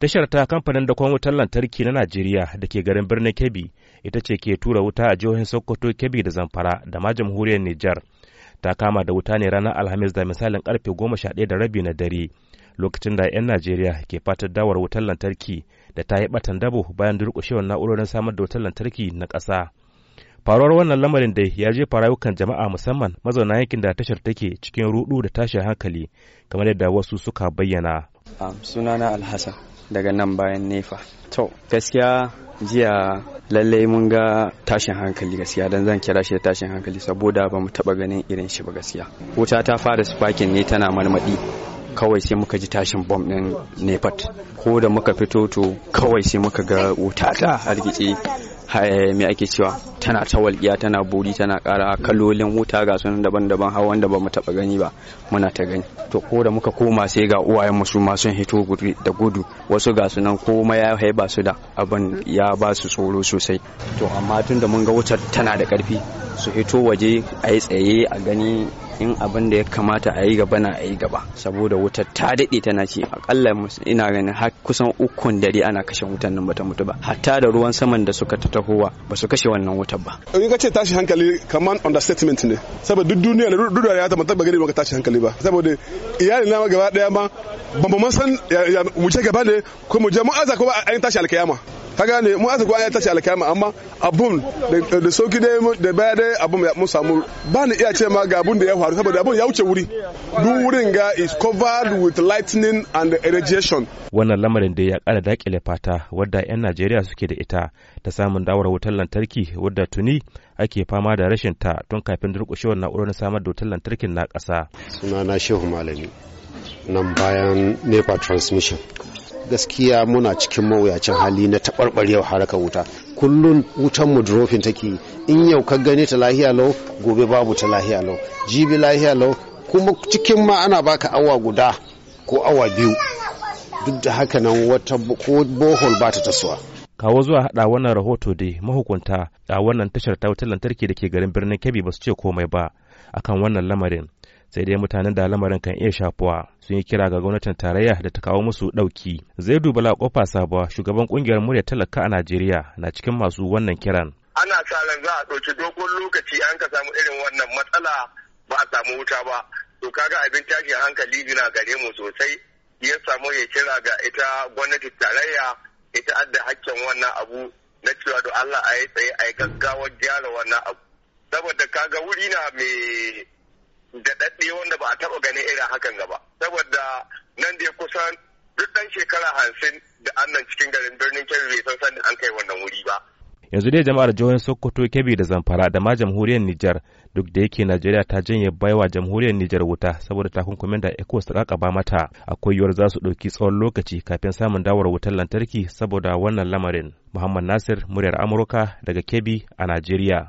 Tashar ta kamfanin da kwan wutar lantarki na Najeriya da ke garin birnin Kebbi ita ce ke tura wuta a jihohin Sokoto, Kebbi da Zamfara da ma jamhuriyar Nijar. Ta kama da wuta ne ranar Alhamis da misalin karfe goma sha ɗaya da rabi na dare lokacin da 'yan Najeriya ke fatan dawar wutar lantarki da ta yi batan dabo bayan durƙushewar na'urorin samar da wutar lantarki na ƙasa. Faruwar wannan lamarin dai ya je rayukan jama'a musamman mazauna yankin da tashar take cikin rudu da tashin hankali kamar yadda wasu suka bayyana. sunana Alhassan. daga nan bayan nefa to gaskiya jiya lallai mun ga tashin hankali gaskiya don zan kira shi da tashin hankali saboda ba mu taba ganin irin shi ba gaskiya wuta ta fara spakin ne tana marmadi kawai sai muka ji tashin bom din nefat ko da muka fito to kawai sai muka ga wuta ta hargitse me ake cewa tana ta walƙiya tana buri tana ƙara kalolin wuta ga sunan daban-daban har wanda ba mu taɓa gani ba muna ta gani to ko da muka koma sai ga uwayen mu su ma sun hito da gudu wasu ga sunan koma ya ba su da abin ya ba su tsoro sosai to amma tun da mun ga wutar tana da ƙarfi su hito waje a yi tsaye a gani in abin da ya kamata a yi gaba na a yi gaba saboda wutar ta daɗe tana ci akalla ina ganin har kusan ukun dare ana kashe wutan nan bata mutu ba hatta da ruwan saman da suka ta tahowa ba su kashe wannan wutar ba in ka ce tashi hankali kaman understatement ne saboda duk duniya da dudura ya taba taba gani ka tashi hankali ba saboda iyali na gaba daya ma ban ban san mu ce gaba ne ko mu je mu aza ko ba an tashi alkiyama ka gane mu asa kwana tashi alkama amma abun da soki da da baya da abun ya samu ba ni iya ce ma ga abun da ya faru saboda abun ya wuce wuri duk wurin ga is covered with lightning and radiation wannan lamarin da ya kara dakile fata wadda yan Najeriya suke da ita ta samun dawar wutar lantarki wadda tuni ake fama da rashin ta tun kafin durƙushewar na'urar samar da wutar lantarkin na ƙasa sunana Shehu Malami nan bayan NEPA transmission gaskiya muna cikin mawuyacin hali na taɓarɓarewa harkar wuta kullum wutan mu drofin take in yau ka gani ta lahiya lau gobe babu ta lahiya lau jibi lahiya lau kuma cikin ma ana baka awa guda ko awa biyu duk da haka nan wata ko bohol ba ta tasowa kawo zuwa hada wannan rahoto dai mahukunta a wannan tashar ta wutar lantarki da ke garin birnin kebbi ba su ce komai ba akan wannan lamarin sai dai mutanen da lamarin kan iya shafuwa sun yi kira ga gwamnatin tarayya da ta kawo musu ɗauki zai dubala kofa sabuwa shugaban kungiyar murya talaka a najeriya na cikin masu wannan kiran ana sa ran za a ɗauki dogon lokaci an ka samu irin wannan matsala ba a samu wuta ba to kaga abin tashin hankali na gare mu sosai ya samu ya kira ga ita gwamnatin tarayya ita adda hakkin wannan abu na cewa da Allah a yi tsaye a yi gaggawar gyara wannan abu saboda kaga wuri na mai daɗe wanda ba a taɓa ganin irin hakan gaba saboda nan da kusan duk ɗan shekara hamsin da annan cikin garin birnin kebbi bai san sanda an kai wannan wuri ba yanzu dai jama'ar jihohin sokoto kebbi da zamfara da ma jamhuriyar nijar duk da yake najeriya ta janye baiwa jamhuriyar nijar wuta saboda takunkumin da ecos ta kakaba mata akwai yiwuwar za su ɗauki tsawon lokaci kafin samun dawar wutar lantarki saboda wannan lamarin muhammad nasir muryar amurka daga kebbi a najeriya